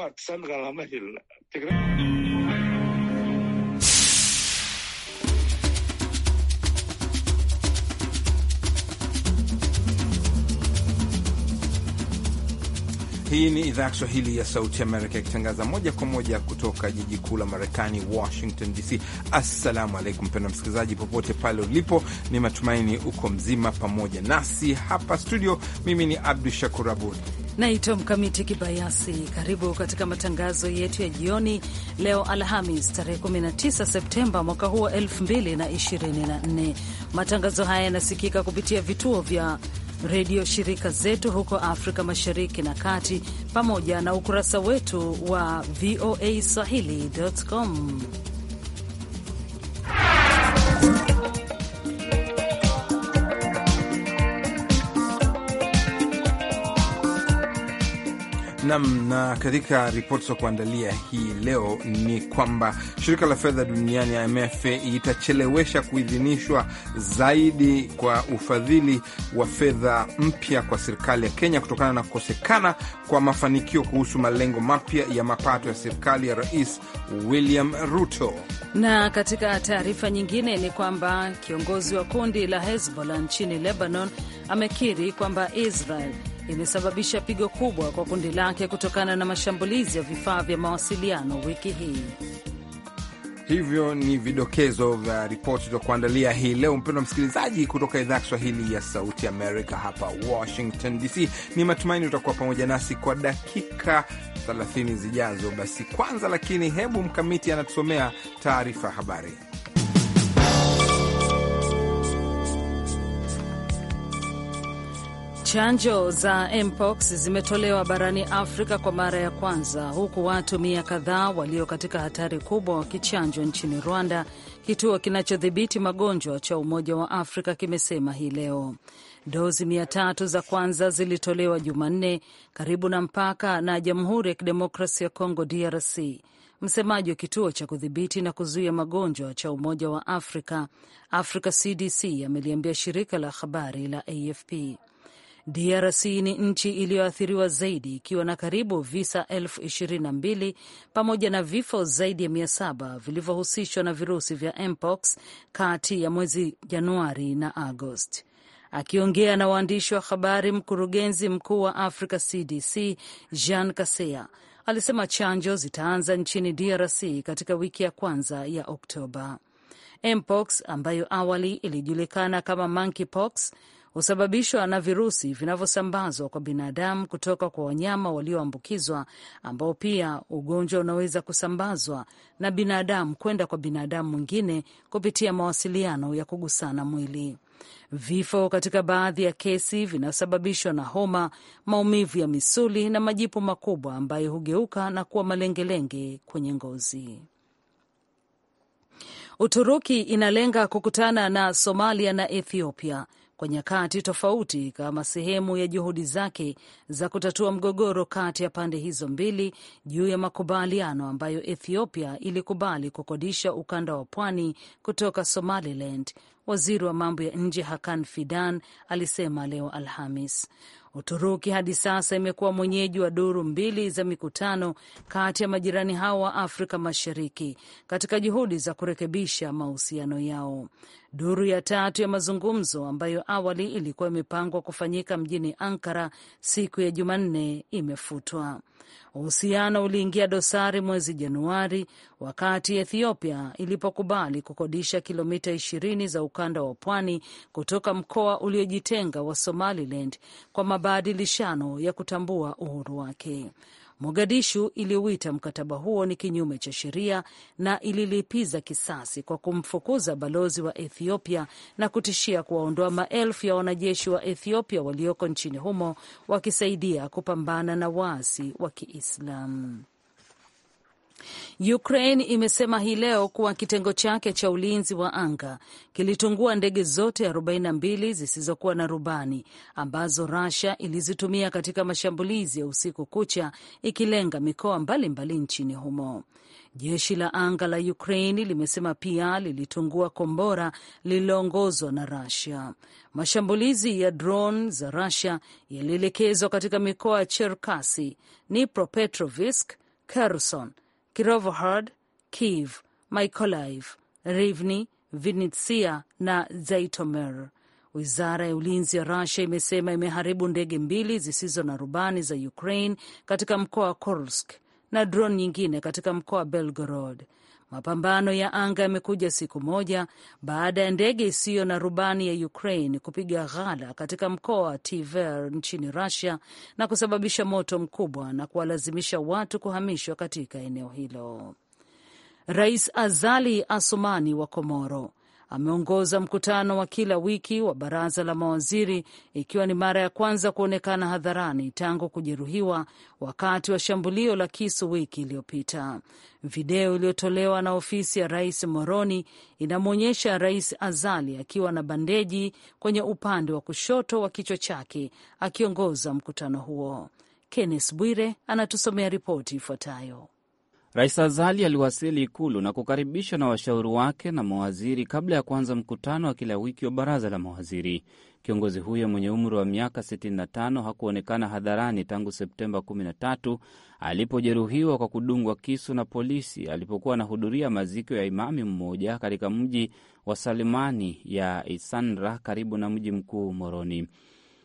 Hii ni idhaa ya Kiswahili ya Sauti Amerika ikitangaza moja kwa moja kutoka jiji kuu la Marekani, Washington DC. Assalamu alaikum, mpendwa msikilizaji, popote pale ulipo, ni matumaini uko mzima pamoja nasi hapa studio. Mimi ni Abdu Shakur Abud Naitwa Mkamiti Kibayasi. Karibu katika matangazo yetu ya jioni leo Alhamis, tarehe 19 Septemba mwaka huu wa 2024. Matangazo haya yanasikika kupitia vituo vya redio shirika zetu huko Afrika Mashariki na Kati, pamoja na ukurasa wetu wa voa swahili.com. Nam na katika ripoti za kuandalia hii leo ni kwamba shirika la fedha duniani IMF itachelewesha kuidhinishwa zaidi kwa ufadhili wa fedha mpya kwa serikali ya Kenya kutokana na kukosekana kwa mafanikio kuhusu malengo mapya ya mapato ya serikali ya Rais William Ruto. Na katika taarifa nyingine ni kwamba kiongozi wa kundi la Hezbollah nchini Lebanon amekiri kwamba Israel imesababisha pigo kubwa kwa kundi lake kutokana na mashambulizi ya vifaa vya mawasiliano wiki hii. Hivyo ni vidokezo vya ripoti za kuandalia hii leo, mpendwa msikilizaji, kutoka idhaa ya Kiswahili ya Sauti Amerika hapa Washington DC. Ni matumaini utakuwa pamoja nasi kwa dakika 30 zijazo. Basi kwanza lakini, hebu Mkamiti anatusomea taarifa ya habari. Chanjo za mpox zimetolewa barani Afrika kwa mara ya kwanza, huku watu mia kadhaa walio katika hatari kubwa wakichanjwa nchini Rwanda, kituo kinachodhibiti magonjwa cha Umoja wa Afrika kimesema hii leo. Dozi mia tatu za kwanza zilitolewa Jumanne karibu na mpaka na Jamhuri ya Kidemokrasia ya Kongo, DRC. Msemaji wa kituo cha kudhibiti na kuzuia magonjwa cha Umoja wa Afrika, Africa CDC, ameliambia shirika la habari la AFP. DRC ni nchi iliyoathiriwa zaidi ikiwa na karibu visa elfu ishirini na mbili pamoja na vifo zaidi ya mia saba vilivyohusishwa na virusi vya mpox kati ya mwezi Januari na Agosti. Akiongea na waandishi wa habari, mkurugenzi mkuu wa Africa CDC Jean Kaseya alisema chanjo zitaanza nchini DRC katika wiki ya kwanza ya Oktoba. Mpox ambayo awali ilijulikana kama monkeypox husababishwa na virusi vinavyosambazwa kwa binadamu kutoka kwa wanyama walioambukizwa, ambao pia ugonjwa unaweza kusambazwa na binadamu kwenda kwa binadamu mwingine kupitia mawasiliano ya kugusana mwili. Vifo katika baadhi ya kesi vinasababishwa na homa, maumivu ya misuli na majipu makubwa ambayo hugeuka na kuwa malengelenge kwenye ngozi. Uturuki inalenga kukutana na Somalia na Ethiopia kwa nyakati tofauti kama sehemu ya juhudi zake za kutatua mgogoro kati ya pande hizo mbili juu ya makubaliano ambayo Ethiopia ilikubali kukodisha ukanda wa pwani kutoka Somaliland. Waziri wa mambo ya nje Hakan Fidan alisema leo Alhamis Uturuki hadi sasa imekuwa mwenyeji wa duru mbili za mikutano kati ya majirani hao wa Afrika Mashariki katika juhudi za kurekebisha mahusiano yao. Duru ya tatu ya mazungumzo ambayo awali ilikuwa imepangwa kufanyika mjini Ankara siku ya Jumanne imefutwa. Uhusiano uliingia dosari mwezi Januari wakati Ethiopia ilipokubali kukodisha kilomita ishirini za ukanda wa pwani kutoka mkoa uliojitenga wa Somaliland kwa mabadilishano ya kutambua uhuru wake. Mogadishu iliuita mkataba huo ni kinyume cha sheria na ililipiza kisasi kwa kumfukuza balozi wa Ethiopia na kutishia kuwaondoa maelfu ya wanajeshi wa Ethiopia walioko nchini humo wakisaidia kupambana na waasi wa Kiislamu. Ukraine imesema hii leo kuwa kitengo chake cha ulinzi wa anga kilitungua ndege zote 42 zisizokuwa na rubani ambazo Russia ilizitumia katika mashambulizi ya usiku kucha ikilenga mikoa mbalimbali nchini humo. Jeshi la anga la ukrain limesema pia lilitungua kombora lililoongozwa na Rasia. Mashambulizi ya drone za Rasia yalielekezwa katika mikoa ya Cherkasi, Dnipropetrovsk, Kherson Kirovohrad, Kiev, Mykolaiv, Rivni, vinitsia na Zaitomir. Wizara ya ulinzi ya Rusia imesema imeharibu ndege mbili zisizo na rubani za Ukraine katika mkoa wa Kursk na drone nyingine katika mkoa wa Belgorod. Mapambano ya anga yamekuja siku moja baada ya ndege isiyo na rubani ya Ukraine kupiga ghala katika mkoa wa Tver nchini Russia na kusababisha moto mkubwa na kuwalazimisha watu kuhamishwa katika eneo hilo. Rais Azali Asumani wa Komoro ameongoza mkutano wa kila wiki wa baraza la mawaziri, ikiwa ni mara ya kwanza kuonekana hadharani tangu kujeruhiwa wakati wa shambulio la kisu wiki iliyopita. Video iliyotolewa na ofisi ya rais Moroni inamwonyesha Rais Azali akiwa na bandeji kwenye upande wa kushoto wa kichwa chake akiongoza mkutano huo. Kenneth Bwire anatusomea ripoti ifuatayo. Rais Azali aliwasili Ikulu na kukaribishwa na washauri wake na mawaziri kabla ya kuanza mkutano wa kila wiki wa baraza la mawaziri. Kiongozi huyo mwenye umri wa miaka 65 hakuonekana hadharani tangu Septemba 13 alipojeruhiwa kwa kudungwa kisu na polisi alipokuwa anahudhuria maziko ya imami mmoja katika mji wa Salimani ya Isandra karibu na mji mkuu Moroni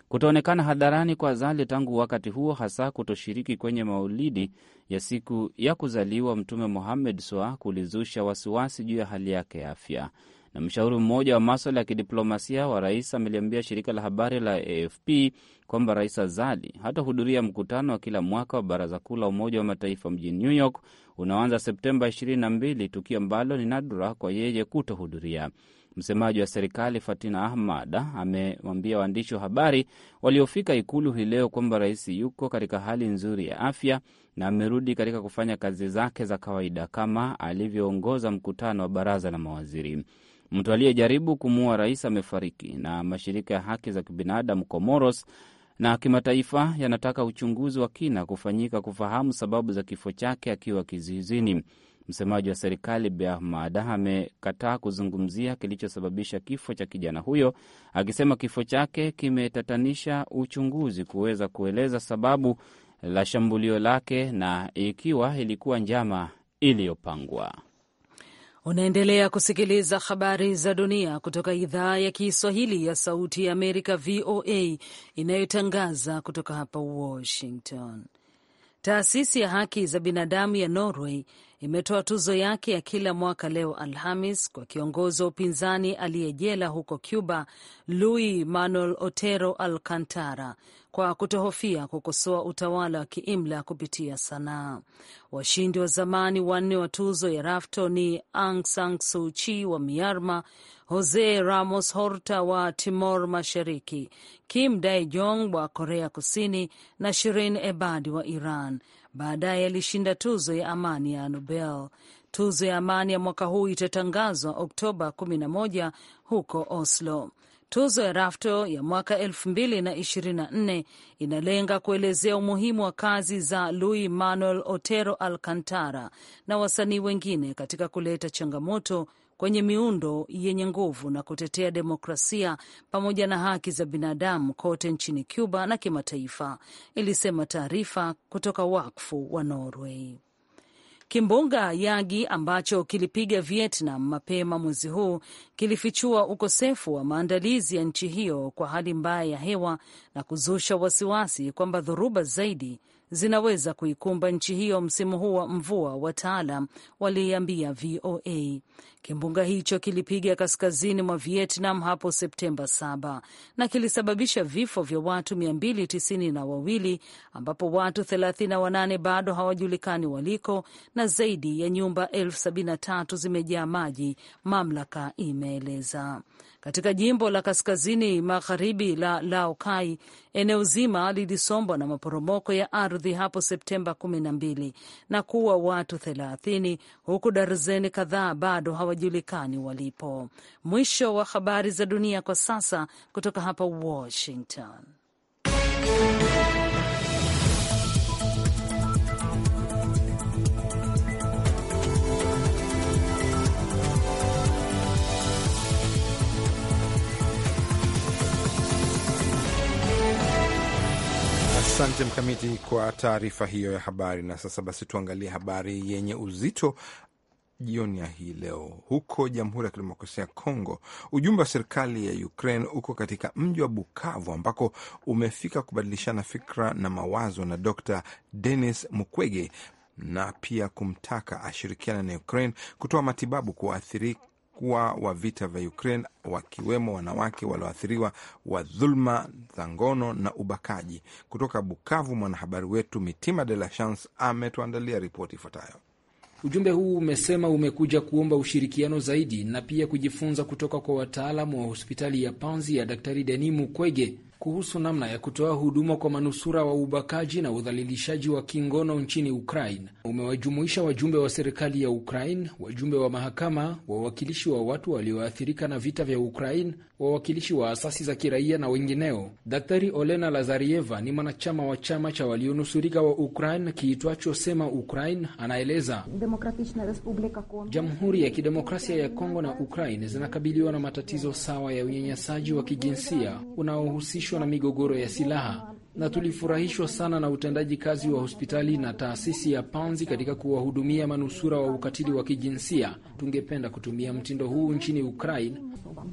kutoonekana hadharani kwa Azali tangu wakati huo, hasa kutoshiriki kwenye maulidi ya siku ya kuzaliwa Mtume Muhammed swa kulizusha wasiwasi juu ya hali yake ya afya. Na mshauri mmoja wa maswala ya kidiplomasia wa rais ameliambia shirika la habari la AFP kwamba Rais Azali hatahudhuria mkutano wa kila mwaka wa Baraza Kuu la Umoja wa Mataifa mjini New York unaoanza Septemba 22, tukio ambalo ni nadra kwa yeye kutohudhuria. Msemaji wa serikali Fatina Ahmad amewambia waandishi wa habari waliofika ikulu hii leo kwamba rais yuko katika hali nzuri ya afya na amerudi katika kufanya kazi zake za kawaida kama alivyoongoza mkutano wa baraza la mawaziri. Mtu aliyejaribu kumuua rais amefariki, na mashirika ya haki za kibinadamu comoros na kimataifa yanataka uchunguzi wa kina kufanyika kufahamu sababu za kifo chake akiwa kizuizini. Msemaji wa serikali Bi amekataa kuzungumzia kilichosababisha kifo cha kijana huyo, akisema kifo chake kimetatanisha uchunguzi kuweza kueleza sababu la shambulio lake na ikiwa ilikuwa njama iliyopangwa. Unaendelea kusikiliza habari za dunia kutoka idhaa ya Kiswahili ya Sauti ya Amerika, VOA, inayotangaza kutoka hapa Washington. Taasisi ya haki za binadamu ya Norway imetoa tuzo yake ya kila mwaka leo Alhamis kwa kiongozi wa upinzani aliyejela huko Cuba, Luis Manuel Otero Alcantara kwa kutohofia kukosoa utawala wa kiimla kupitia sanaa. Washindi wa zamani wanne wa tuzo ya Rafto ni Aung San Suu Kyi wa Myanmar, Jose Ramos Horta wa Timor Mashariki, Kim Dae Jong wa Korea Kusini na Shirin Ebadi wa Iran. Baadaye alishinda tuzo ya amani ya Nobel. Tuzo ya amani ya mwaka huu itatangazwa Oktoba 11 huko Oslo. Tuzo ya Rafto ya mwaka 2024 inalenga kuelezea umuhimu wa kazi za Luis Manuel Otero Alcantara na wasanii wengine katika kuleta changamoto kwenye miundo yenye nguvu na kutetea demokrasia pamoja na haki za binadamu kote nchini Cuba na kimataifa, ilisema taarifa kutoka wakfu wa Norway. Kimbunga Yagi ambacho kilipiga Vietnam mapema mwezi huu kilifichua ukosefu wa maandalizi ya nchi hiyo kwa hali mbaya ya hewa na kuzusha wasiwasi kwamba dhoruba zaidi zinaweza kuikumba nchi hiyo msimu huu wa mvua, wataalam waliiambia VOA. Kimbunga hicho kilipiga kaskazini mwa Vietnam hapo Septemba 7 na kilisababisha vifo vya watu 292 ambapo watu 38 bado hawajulikani waliko na zaidi ya nyumba 73 zimejaa maji, mamlaka imeeleza. Katika jimbo la kaskazini magharibi la Laokai, eneo zima lilisombwa na maporomoko ya ardhi hapo Septemba 12 na kuua watu 30 huku darzeni kadhaa bado hawa hawajulikani walipo. Mwisho wa habari za dunia kwa sasa kutoka hapa Washington. Asante Mkamiti kwa taarifa hiyo ya habari. Na sasa basi tuangalie habari yenye uzito jioni ya hii leo huko Jamhuri ya Kidemokrasia ya Kongo. Ujumbe wa serikali ya Ukraine uko katika mji wa Bukavu ambako umefika kubadilishana fikra na mawazo na Dr Denis Mukwege na pia kumtaka ashirikiane na Ukraine kutoa matibabu kwa waathirikwa wa vita vya Ukraine wakiwemo wanawake walioathiriwa wa dhuluma za ngono na ubakaji. Kutoka Bukavu, mwanahabari wetu Mitima De La Chance ametuandalia ripoti ifuatayo. Ujumbe huu umesema umekuja kuomba ushirikiano zaidi na pia kujifunza kutoka kwa wataalamu wa hospitali ya Panzi ya Daktari Denis Mukwege kuhusu namna ya kutoa huduma kwa manusura wa ubakaji na udhalilishaji wa kingono nchini Ukraine umewajumuisha wajumbe wa serikali ya Ukraine, wajumbe wa mahakama, wawakilishi wa watu walioathirika na vita vya Ukraine, wawakilishi wa asasi za kiraia na wengineo. Daktari Olena Lazarieva ni mwanachama wa chama cha walionusurika wa Ukraine kiitwacho Sema Ukraine, anaeleza Jamhuri ya Kidemokrasia ya Kongo na Ukraine zinakabiliwa na matatizo sawa ya unyanyasaji wa kijinsia unaohusisha yanayohusishwa na migogoro ya silaha na tulifurahishwa sana na utendaji kazi wa hospitali na taasisi ya Panzi katika kuwahudumia manusura wa ukatili wa kijinsia. Tungependa kutumia mtindo huu nchini Ukraine.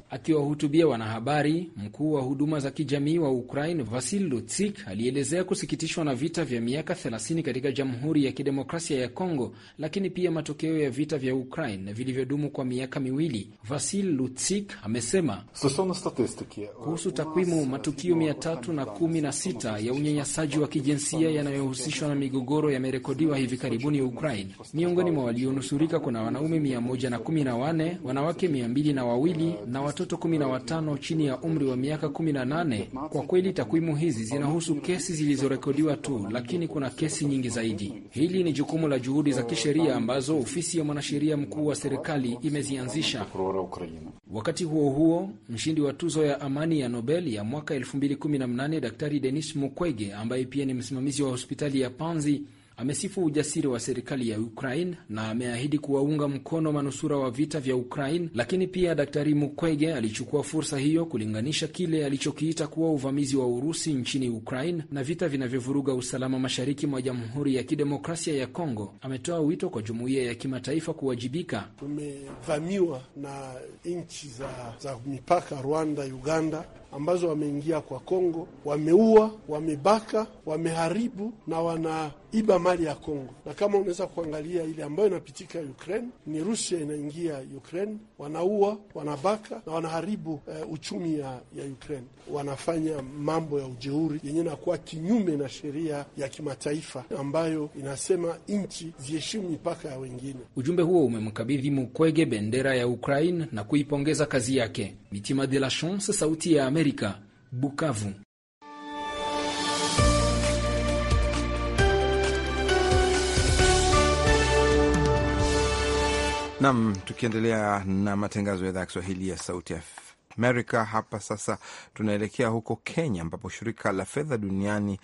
Akiwahutubia wanahabari, mkuu wa huduma za kijamii wa Ukraine Vasil Lutsik alielezea kusikitishwa na vita vya miaka 30 katika Jamhuri ya Kidemokrasia ya Kongo, lakini pia matokeo ya vita vya Ukraine vilivyodumu kwa miaka miwili. Vasil Lutsik amesema kuhusu takwimu, matukio 316 ya unyanyasaji wa kijinsia yanayohusishwa na migogoro yamerekodiwa hivi karibuni Ukraine. Miongoni mwa walionusurika kuna wanaume 11 wanawake mia na na watoto 15 chini ya umri wa miaka 18 Kwa kweli takwimu hizi zinahusu kesi zilizorekodiwa tu, lakini kuna kesi nyingi zaidi. Hili ni jukumu la juhudi za kisheria ambazo ofisi ya mwanasheria mkuu wa serikali imezianzisha. Wakati huo huo, mshindi wa tuzo ya amani ya Nobel ya mwaka 2018 Daktari Denis Mukwege ambaye pia ni msimamizi wa hospitali ya Panzi amesifu ujasiri wa serikali ya Ukraine na ameahidi kuwaunga mkono manusura wa vita vya Ukraine. Lakini pia Daktari Mukwege alichukua fursa hiyo kulinganisha kile alichokiita kuwa uvamizi wa Urusi nchini Ukraine na vita vinavyovuruga usalama mashariki mwa Jamhuri ya Kidemokrasia ya Kongo. Ametoa wito kwa jumuiya ya kimataifa kuwajibika. Tumevamiwa na nchi za, za mipaka Rwanda, Uganda ambazo wameingia kwa Kongo, wameua, wamebaka, wameharibu na wanaiba mali ya Kongo. Na kama unaweza kuangalia ile ambayo inapitika Ukraine, ni Rusia inaingia Ukraine, wanaua, wanabaka na wanaharibu eh, uchumi ya, ya Ukraine. Wanafanya mambo ya ujeuri yenye nakuwa kinyume na sheria ya kimataifa ambayo inasema nchi ziheshimu mipaka ya wengine. Ujumbe huo umemkabidhi Mukwege bendera ya Ukraine na kuipongeza kazi yake. Mitima de la Chance, Sauti ya Amerika, Bukavu. Nam, tukiendelea na matangazo ya idhaa ya Kiswahili ya Sauti ya America. Hapa sasa tunaelekea huko Kenya, ambapo shirika la fedha duniani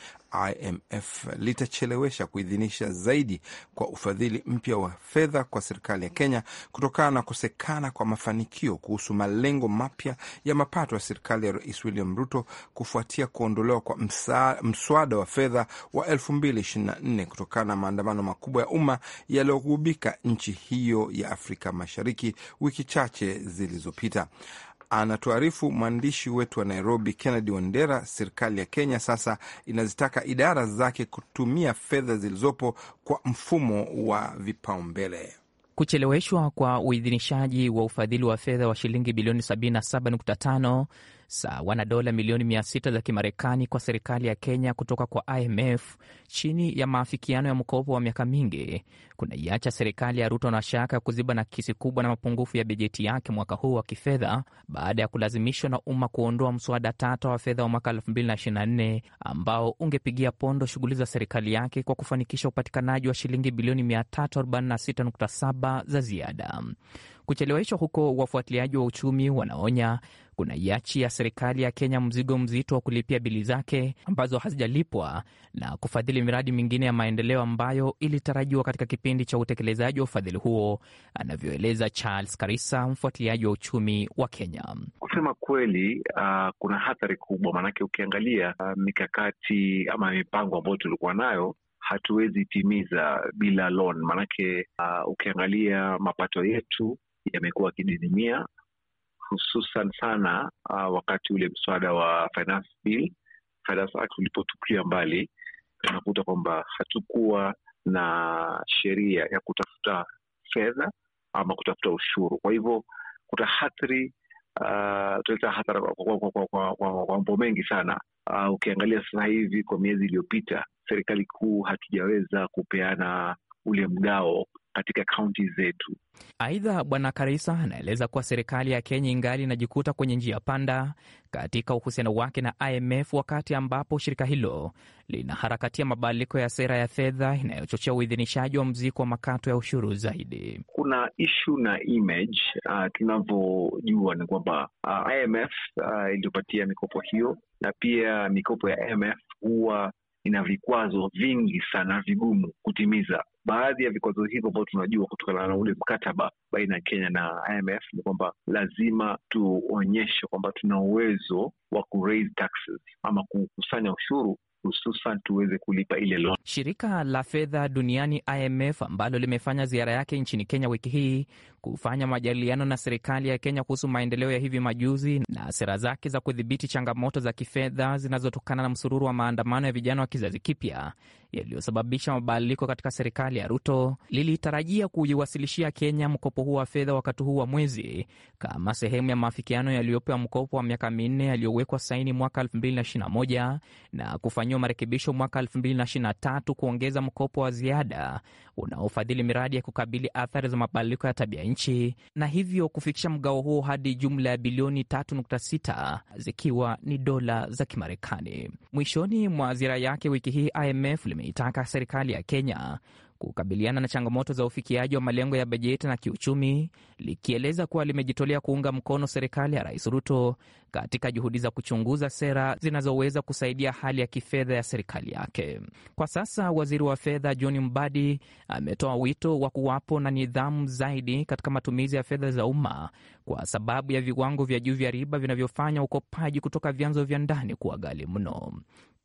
IMF litachelewesha kuidhinisha zaidi kwa ufadhili mpya wa fedha kwa serikali ya Kenya kutokana na kukosekana kwa mafanikio kuhusu malengo mapya ya mapato ya serikali ya Rais William Ruto kufuatia kuondolewa kwa msa, mswada wa fedha wa 2024 kutokana na maandamano makubwa ya umma yaliyogubika nchi hiyo ya Afrika Mashariki wiki chache zilizopita. Anatuarifu mwandishi wetu wa Nairobi, Kennedy Wandera. Serikali ya Kenya sasa inazitaka idara zake kutumia fedha zilizopo kwa mfumo wa vipaumbele. Kucheleweshwa kwa uidhinishaji wa ufadhili wa fedha wa shilingi bilioni 77.5 sawa na dola milioni 600 za Kimarekani kwa serikali ya Kenya kutoka kwa IMF chini ya maafikiano ya mkopo wa miaka mingi kunaiacha serikali ya Ruto na shaka ya kuziba nakisi kubwa na mapungufu ya bajeti yake mwaka huu wa kifedha baada ya kulazimishwa na umma kuondoa mswada tata wa fedha wa mwaka 2024 ambao ungepigia pondo shughuli za serikali yake kwa kufanikisha upatikanaji wa shilingi bilioni 346.7 za ziada. Kucheleweshwa huko, wafuatiliaji wa uchumi wanaonya kuna ya serikali ya Kenya mzigo mzito wa kulipia bili zake ambazo hazijalipwa na kufadhili miradi mingine ya maendeleo ambayo ilitarajiwa katika kipindi cha utekelezaji wa ufadhili huo, anavyoeleza Charles Karisa, mfuatiliaji wa uchumi wa Kenya. Kusema kweli, uh, kuna hatari kubwa, maanake ukiangalia uh, mikakati ama mipango ambayo tulikuwa nayo hatuwezi timiza bila loan, maanake uh, ukiangalia mapato yetu yamekuwa akididimia hususan sana uh, wakati ule mswada wa finance bill, finance act mbali, tunakuta kwamba hatukuwa na sheria ya kutafuta fedha ama kutafuta ushuru. Kwa hivyo kutahathiri uh, ah, tutaleta hathara kwa mambo mengi sana. Uh, ukiangalia sasa hivi kwa miezi iliyopita, serikali kuu hatujaweza kupeana ule mgao katika kaunti zetu. Aidha, Bwana Karisa anaeleza kuwa serikali ya Kenya ingali inajikuta kwenye njia panda katika uhusiano wake na IMF wakati ambapo shirika hilo linaharakatia mabadiliko ya sera ya fedha inayochochea uidhinishaji wa mziko wa makato ya ushuru zaidi. Kuna ishu na image. Uh, tunavyojua ni kwamba uh, IMF uh, iliyopatia mikopo hiyo, na pia mikopo ya IMF huwa ina vikwazo vingi sana vigumu kutimiza baadhi ya vikwazo hivyo ambavyo tunajua kutokana na ule mkataba baina ya Kenya na IMF ni kwamba lazima tuonyeshe kwamba tuna uwezo wa ku raise taxes ama kukusanya ushuru hususan tuweze kulipa ile loan. Shirika la fedha duniani IMF ambalo limefanya ziara yake nchini Kenya wiki hii kufanya majadiliano na serikali ya Kenya kuhusu maendeleo ya hivi majuzi na sera zake za kudhibiti changamoto za kifedha zinazotokana na msururu wa maandamano ya vijana wa kizazi kipya yaliyosababisha mabadiliko katika serikali ya Ruto, lilitarajia kuiwasilishia Kenya mkopo huu wa fedha wakati huu wa mwezi kama sehemu ya maafikiano yaliyopewa mkopo wa miaka minne yaliyowekwa saini mwaka 2021 na kufanyiwa marekebisho mwaka 2023 kuongeza mkopo wa ziada unaofadhili miradi ya kukabili athari za mabadiliko ya tabia nchi na hivyo kufikisha mgao huo hadi jumla ya bilioni 3.6 zikiwa ni dola za Kimarekani. Mwishoni mwa ziara yake wiki hii, IMF limeitaka serikali ya Kenya kukabiliana na changamoto za ufikiaji wa malengo ya bajeti na kiuchumi, likieleza kuwa limejitolea kuunga mkono serikali ya Rais Ruto katika juhudi za kuchunguza sera zinazoweza kusaidia hali ya kifedha ya serikali yake. Kwa sasa, waziri wa fedha John Mbadi ametoa wito wa kuwapo na nidhamu zaidi katika matumizi ya fedha za umma kwa sababu ya viwango vya juu vya riba vinavyofanya ukopaji kutoka vyanzo vya ndani kuwa ghali mno.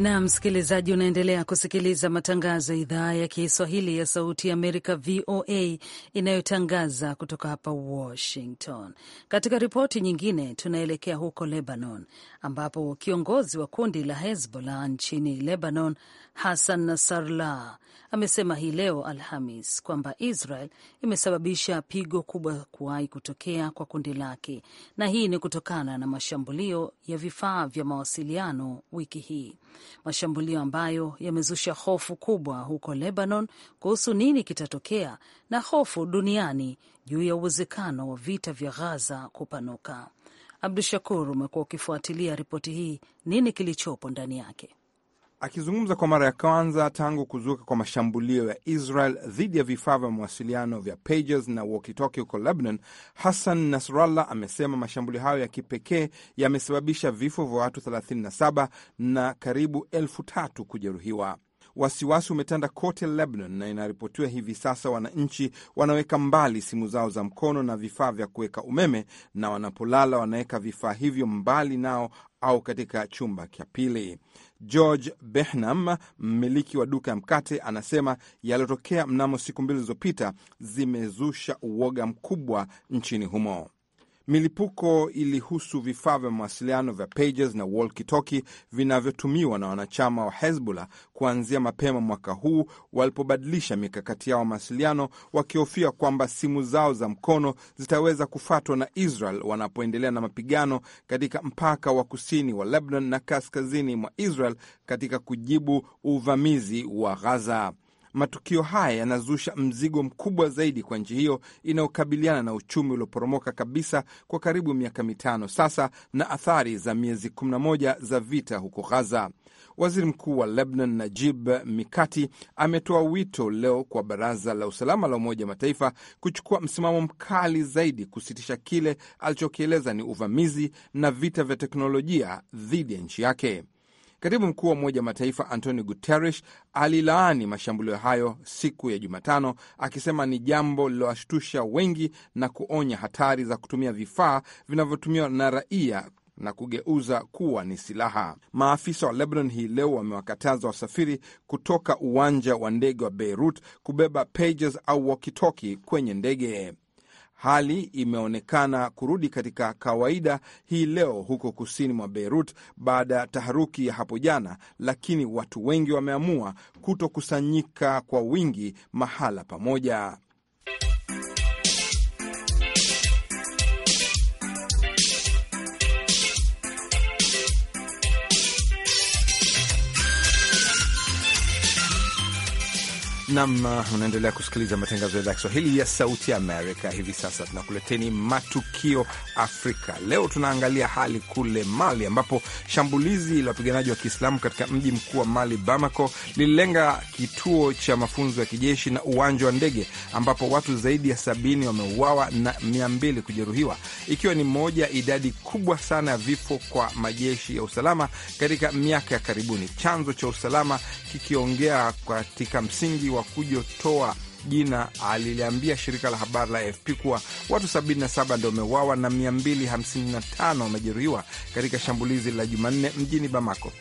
na msikilizaji, unaendelea kusikiliza matangazo ya idhaa ya Kiswahili ya Sauti ya Amerika, VOA, inayotangaza kutoka hapa Washington. Katika ripoti nyingine, tunaelekea huko Lebanon, ambapo kiongozi wa kundi la Hezbollah nchini Lebanon, Hassan Nasrallah, amesema hii leo Alhamis kwamba Israel imesababisha pigo kubwa kuwahi kutokea kwa kundi lake, na hii ni kutokana na mashambulio ya vifaa vya mawasiliano wiki hii mashambulio ambayo yamezusha hofu kubwa huko Lebanon kuhusu nini kitatokea na hofu duniani juu ya uwezekano wa vita vya Ghaza kupanuka. Abdu Shakur, umekuwa ukifuatilia ripoti hii, nini kilichopo ndani yake? Akizungumza kwa mara ya kwanza tangu kuzuka kwa mashambulio ya Israel dhidi ya vifaa vya mawasiliano vya Pages na Walkitoki huko Lebanon, Hassan Nasrallah amesema mashambulio hayo ya kipekee yamesababisha vifo vya watu 37 na karibu elfu tatu kujeruhiwa. Wasiwasi umetanda kote Lebanon na inaripotiwa hivi sasa wananchi wanaweka mbali simu zao za mkono na vifaa vya kuweka umeme, na wanapolala wanaweka vifaa hivyo mbali nao au katika chumba cha pili. George Behnam, mmiliki wa duka ya mkate, anasema yaliyotokea mnamo siku mbili zilizopita zimezusha uoga mkubwa nchini humo. Milipuko ilihusu vifaa vya mawasiliano vya Pages na walkitoki vinavyotumiwa na wanachama wa Hezbollah kuanzia mapema mwaka huu walipobadilisha mikakati yao ya mawasiliano, wakihofia kwamba simu zao za mkono zitaweza kufatwa na Israel wanapoendelea na mapigano katika mpaka wa kusini wa Lebanon na kaskazini mwa Israel katika kujibu uvamizi wa Ghaza matukio haya yanazusha mzigo mkubwa zaidi kwa nchi hiyo inayokabiliana na uchumi ulioporomoka kabisa kwa karibu miaka mitano sasa na athari za miezi 11 za vita huko Gaza. Waziri Mkuu wa Lebanon Najib Mikati ametoa wito leo kwa Baraza la Usalama la Umoja Mataifa kuchukua msimamo mkali zaidi kusitisha kile alichokieleza ni uvamizi na vita vya teknolojia dhidi ya nchi yake. Katibu mkuu wa Umoja wa Mataifa Antonio Guterres alilaani mashambulio hayo siku ya Jumatano akisema ni jambo lililowashtusha wengi na kuonya hatari za kutumia vifaa vinavyotumiwa na raia na kugeuza kuwa ni silaha. Maafisa wa Lebanon hii leo wamewakataza wasafiri kutoka uwanja wa ndege wa Beirut kubeba pages au wakitoki kwenye ndege. Hali imeonekana kurudi katika kawaida hii leo huko kusini mwa Beirut baada ya taharuki ya hapo jana, lakini watu wengi wameamua kutokusanyika kwa wingi mahala pamoja. Nam, uh, unaendelea kusikiliza matangazo ya idhaa Kiswahili ya Sauti ya Amerika. Hivi sasa tunakuleteni matukio Afrika. Leo tunaangalia hali kule Mali, ambapo shambulizi la wapiganaji wa Kiislamu katika mji mkuu wa Mali, Bamako, lililenga kituo cha mafunzo ya kijeshi na uwanja wa ndege, ambapo watu zaidi ya sabini wameuawa na mia mbili kujeruhiwa, ikiwa ni moja idadi kubwa sana ya vifo kwa majeshi ya usalama katika miaka ya karibuni, chanzo cha usalama kikiongea katika msingi wa wa kujotoa jina aliliambia shirika la habari la AFP kuwa watu 77 ndio wameuawa na 255 wamejeruhiwa katika shambulizi la Jumanne mjini Bamako.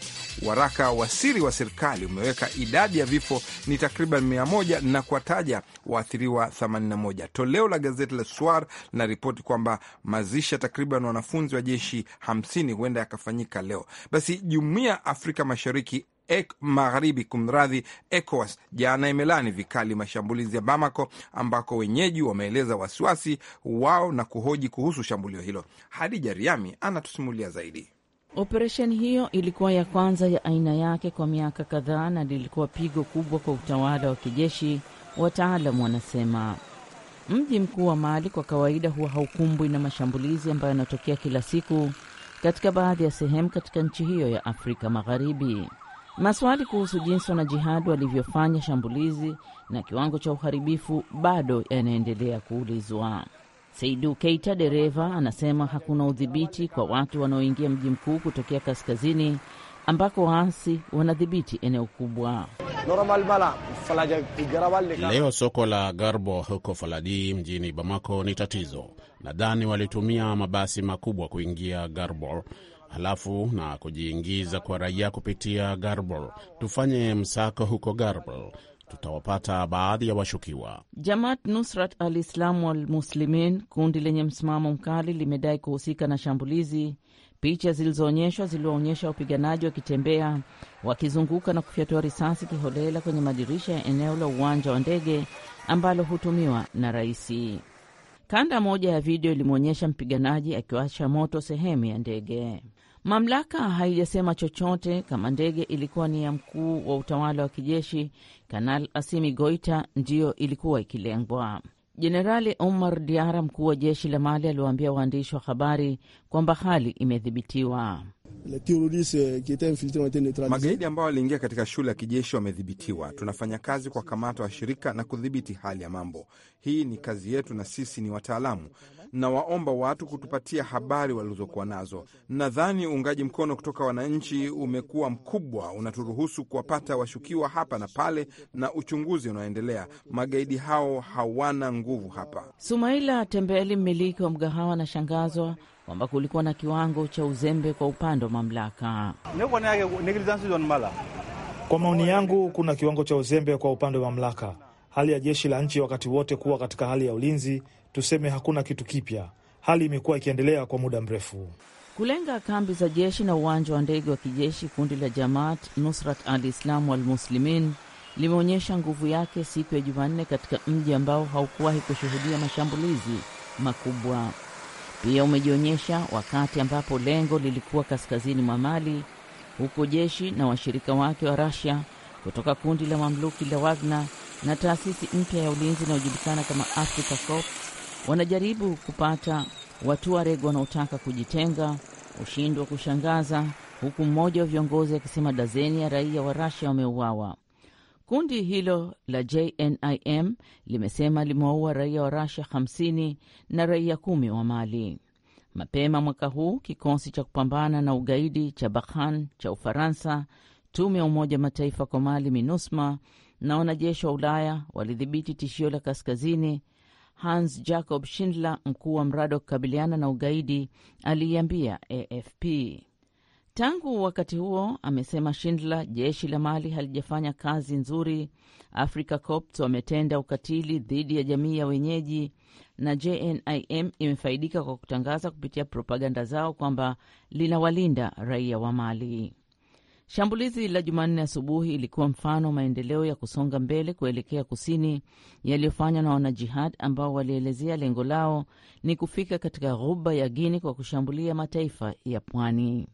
Waraka wa siri wa serikali umeweka idadi ya vifo ni takriban 100 na kuwataja waathiriwa 81. Toleo la gazeti la Swar ripoti kwamba mazishi ya takriban wanafunzi wa jeshi 50 huenda yakafanyika leo. Basi jumuiya Afrika Mashariki ek, magharibi kumradhi, ECOWAS jana imelani vikali mashambulizi ya Bamako ambako wenyeji wameeleza wasiwasi wao na kuhoji kuhusu shambulio hilo. Hadija Riami anatusimulia zaidi. Operesheni hiyo ilikuwa ya kwanza ya aina yake kwa miaka kadhaa na lilikuwa pigo kubwa kwa utawala wa kijeshi, wataalamu wanasema. Mji mkuu wa Mali kwa kawaida huwa haukumbwi na mashambulizi ambayo yanatokea kila siku katika baadhi ya sehemu katika nchi hiyo ya Afrika Magharibi. Maswali kuhusu jinsi wanajihadi walivyofanya shambulizi na kiwango cha uharibifu bado yanaendelea kuulizwa. Seidu Keita, dereva, anasema hakuna udhibiti kwa watu wanaoingia mji mkuu kutokea kaskazini ambako waasi wanadhibiti eneo kubwa. Leo soko la Garbo huko Faladi mjini Bamako ni tatizo. Nadhani walitumia mabasi makubwa kuingia Garbo halafu na kujiingiza kwa raia kupitia Garbol. Tufanye msako huko Garbol, tutawapata baadhi ya washukiwa. Jamaat Nusrat al Islamu wal Muslimin, kundi lenye msimamo mkali, limedai kuhusika na shambulizi. Picha zilizoonyeshwa ziliwaonyesha wapiganaji wakitembea, wakizunguka na kufyatua risasi kiholela kwenye madirisha ya eneo la uwanja wa ndege ambalo hutumiwa na raisi. Kanda moja ya video ilimwonyesha mpiganaji akiwasha moto sehemu ya ndege. Mamlaka haijasema chochote kama ndege ilikuwa ni ya mkuu wa utawala wa kijeshi Kanal Asimi Goita ndiyo ilikuwa ikilengwa. Jenerali Omar Diara, mkuu wa jeshi la Mali, aliwaambia waandishi wa habari kwamba hali imedhibitiwa. Magaidi ambao waliingia katika shule ya kijeshi wamedhibitiwa. Tunafanya kazi kwa kamata wa shirika na kudhibiti hali ya mambo. Hii ni kazi yetu na sisi ni wataalamu. Nawaomba watu kutupatia habari walizokuwa nazo. Nadhani uungaji mkono kutoka wananchi umekuwa mkubwa, unaturuhusu kuwapata washukiwa hapa na pale, na uchunguzi unaoendelea. Magaidi hao hawana nguvu hapa. Sumaila Tembeli, mmiliki wa mgahawa, anashangazwa kwamba kulikuwa na kiwango cha uzembe kwa upande wa mamlaka. Kwa maoni yangu, kuna kiwango cha uzembe kwa upande wa mamlaka. Hali ya jeshi la nchi wakati wote kuwa katika hali ya ulinzi, tuseme hakuna kitu kipya. Hali imekuwa ikiendelea kwa muda mrefu. Kulenga kambi za jeshi na uwanja wa ndege wa kijeshi, kundi la Jamaat Nusrat al Islam wal Muslimin limeonyesha nguvu yake siku ya Jumanne katika mji ambao haukuwahi kushuhudia mashambulizi makubwa pia umejionyesha wakati ambapo lengo lilikuwa kaskazini mwa Mali, huku jeshi na washirika wake wa Rasia kutoka kundi la mamluki la Wagner na taasisi mpya ya ulinzi inayojulikana kama Africa Corps wanajaribu kupata Watuareg wanaotaka kujitenga. Ushindi wa kushangaza, huku mmoja wa viongozi akisema dazeni ya raia wa Rasia wameuawa. Kundi hilo la JNIM limesema limewaua raia wa Rasia 50 na raia kumi wa Mali. Mapema mwaka huu kikosi cha kupambana na ugaidi cha Bahan cha Ufaransa, tume ya Umoja wa Mataifa kwa Mali MINUSMA na wanajeshi wa Ulaya walidhibiti tishio la kaskazini. Hans Jacob Schindler, mkuu wa mradi wa kukabiliana na ugaidi, aliiambia AFP. Tangu wakati huo, amesema Shindler, jeshi la Mali halijafanya kazi nzuri. Africa Corps wametenda ukatili dhidi ya jamii ya wenyeji, na JNIM imefaidika kwa kutangaza kupitia propaganda zao kwamba linawalinda raia wa Mali. Shambulizi la Jumanne asubuhi ilikuwa mfano wa maendeleo ya kusonga mbele kuelekea kusini yaliyofanywa na wanajihad ambao walielezea lengo lao ni kufika katika ghuba ya Guini kwa kushambulia mataifa ya pwani.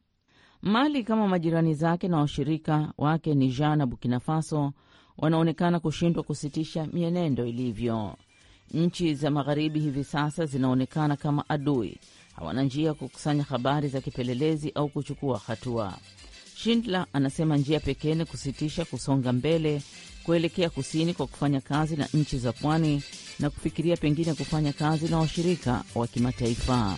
Mali kama majirani zake na washirika wake Niger na Burkina Faso wanaonekana kushindwa kusitisha mienendo ilivyo. Nchi za magharibi hivi sasa zinaonekana kama adui, hawana njia ya kukusanya habari za kipelelezi au kuchukua hatua. shindla anasema njia pekee ni kusitisha kusonga mbele kuelekea kusini kwa kufanya kazi na nchi za pwani na kufikiria pengine kufanya kazi na washirika wa kimataifa.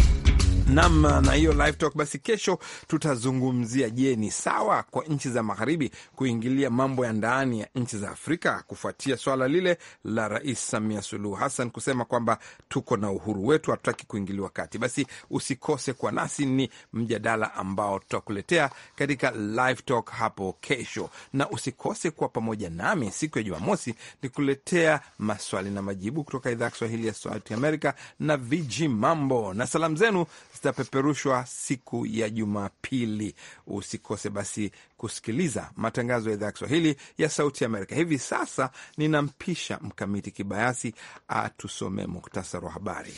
Nam na hiyo live talk. Basi kesho tutazungumzia, je, ni sawa kwa nchi za magharibi kuingilia mambo ya ndani ya nchi za Afrika kufuatia swala lile la Rais Samia Suluhu Hassan kusema kwamba tuko na uhuru wetu, hatutaki kuingiliwa kati. Basi usikose kwa nasi, ni mjadala ambao tutakuletea katika live talk hapo kesho, na usikose kuwa pamoja nami siku ya Jumamosi ni kuletea maswali na majibu kutoka idhaa ya Kiswahili ya Sauti Amerika na viji mambo na salamu zenu zitapeperushwa siku ya Jumapili. Usikose basi kusikiliza matangazo ya idhaa ya Kiswahili ya Sauti ya Amerika. Hivi sasa ninampisha Mkamiti Kibayasi atusomee muktasari wa habari.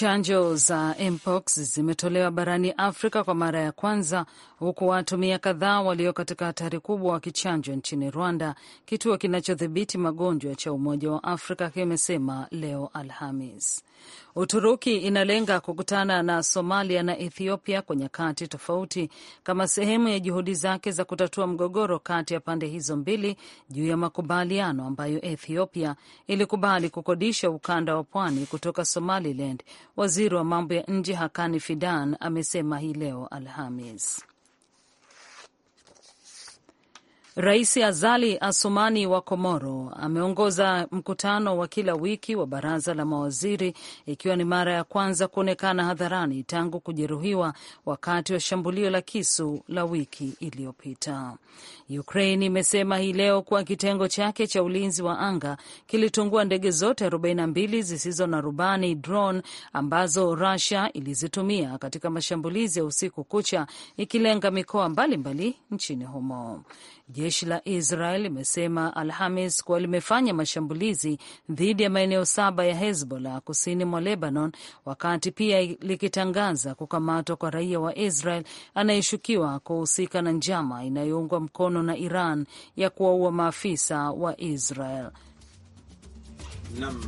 Chanjo za mpox zimetolewa barani Afrika kwa mara ya kwanza, huku watu mia kadhaa walio katika hatari kubwa wakichanjwa nchini Rwanda, kituo kinachodhibiti magonjwa cha Umoja wa Afrika kimesema leo Alhamis. Uturuki inalenga kukutana na Somalia na Ethiopia kwa nyakati tofauti kama sehemu ya juhudi zake za kutatua mgogoro kati ya pande hizo mbili juu ya makubaliano ambayo Ethiopia ilikubali kukodisha ukanda wa pwani kutoka Somaliland. Waziri wa mambo ya nje Hakani Fidan amesema hii leo Alhamis. Rais Azali asumani wa Komoro ameongoza mkutano wa kila wiki wa baraza la mawaziri, ikiwa ni mara ya kwanza kuonekana hadharani tangu kujeruhiwa wakati wa shambulio la kisu la wiki iliyopita. Ukraine imesema hii leo kuwa kitengo chake cha ulinzi wa anga kilitungua ndege zote 42 zisizo na rubani drone, ambazo Russia ilizitumia katika mashambulizi ya usiku kucha, ikilenga mikoa mbalimbali mbali nchini humo. Jeshi la Israel limesema Alhamis kuwa limefanya mashambulizi dhidi ya maeneo saba ya Hezbollah kusini mwa Lebanon, wakati pia likitangaza kukamatwa kwa raia wa Israel anayeshukiwa kuhusika na njama inayoungwa mkono na Iran ya kuwaua maafisa wa Israel. Nam,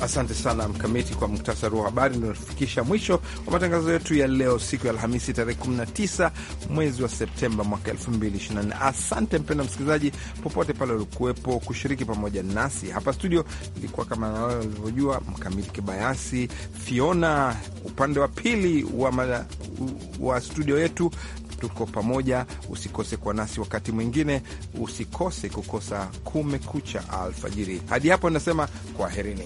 asante sana Mkamiti kwa muktasari wa habari. Ndio mwisho wa matangazo yetu ya leo, siku ya Alhamisi tarehe 19 mwezi wa Septemba mwaka 2024. Asante mpenda msikilizaji, popote pale ulikuwepo kushiriki pamoja nasi hapa studio. Ilikuwa kama nawe ulivyojua, Mkamiti Kibayasi, Fiona upande wa pili wa, wa studio yetu tuko pamoja. Usikose kwa nasi wakati mwingine, usikose kukosa Kumekucha alfajiri. Hadi hapo nasema kwaherini.